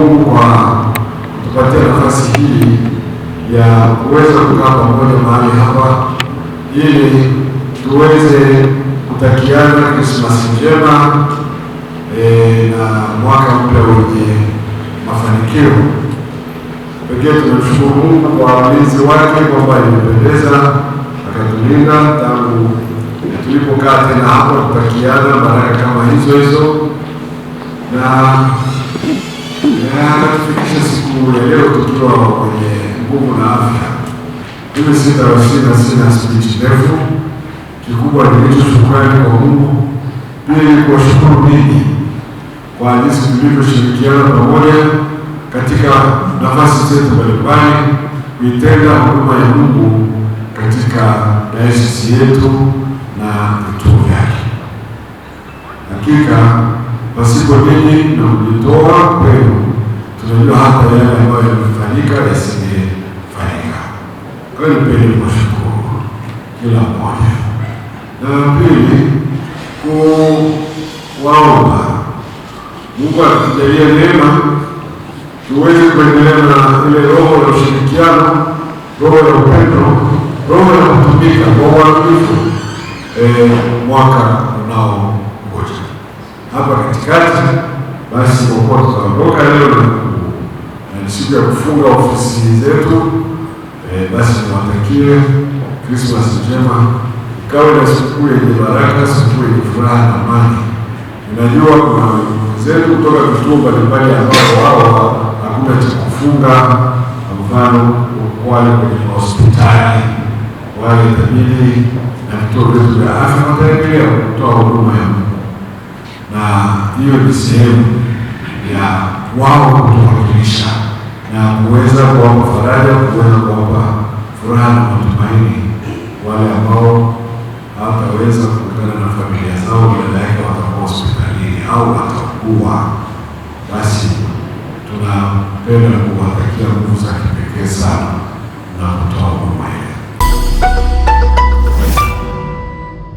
Mungu kwa kutupatia nafasi hii ya kuweza kukaa pamoja mahali hapa ili tuweze kutakiana Krismasi njema e, na mwaka mpya wenye mafanikio. Pekee tunamshukuru Mungu kwa walinzi wake kwamba alimpendeza akatulinda tangu tulipokaa tena hapa kutakiana baraka kama hizo hizo na inatufikisha siku ya leo tukiwa kwenye nguvu na afya. Mimi sitarasina sina spichi ndefu, kikubwa nilicho shukrani kwa Mungu ili kuwashukuru ninyi kwa jinsi tulivyoshirikiana pamoja katika nafasi zetu mbalimbali kuitenda huduma ya Mungu katika dayosisi yetu na vituo vyake. Hakika pasipo ninyi na kujitoa kwenu Nipe kushukuru kila mmoja, na pili kuwaomba Mungu atujalie neema tuweze kuendelea na ile roho ya ushirikiano, roho ya upendo, roho ya kutumika kwa uaminifu eh, mwaka unaongoja hapa katikati. Basi kwa kuwa tutaondoka leo na eh, siku ya kufunga ofisi zetu basi niwatakie Krismasi njema, ikawe na sikukuu yenye baraka, sikukuu yenye furaha na amani. Ninajua kuna wenzetu kutoka vituo mbalimbali ambao wao hakuna cha kufunga, kwa mfano wale kwenye mahospitali, wale tabidi na vituo vyetu vya afya wataendelea kutoa huduma ya Mungu, na hiyo ni sehemu ya wao kutuwakilisha na kuweza kuwapa faraja, kuweza kuwapa furaha na matumaini wale ambao hawataweza kukutana na familia zao, badala yake watakuwa hospitalini au watakuwa basi. Tunapenda kuwatakia nguvu za kipekee sana na kutoa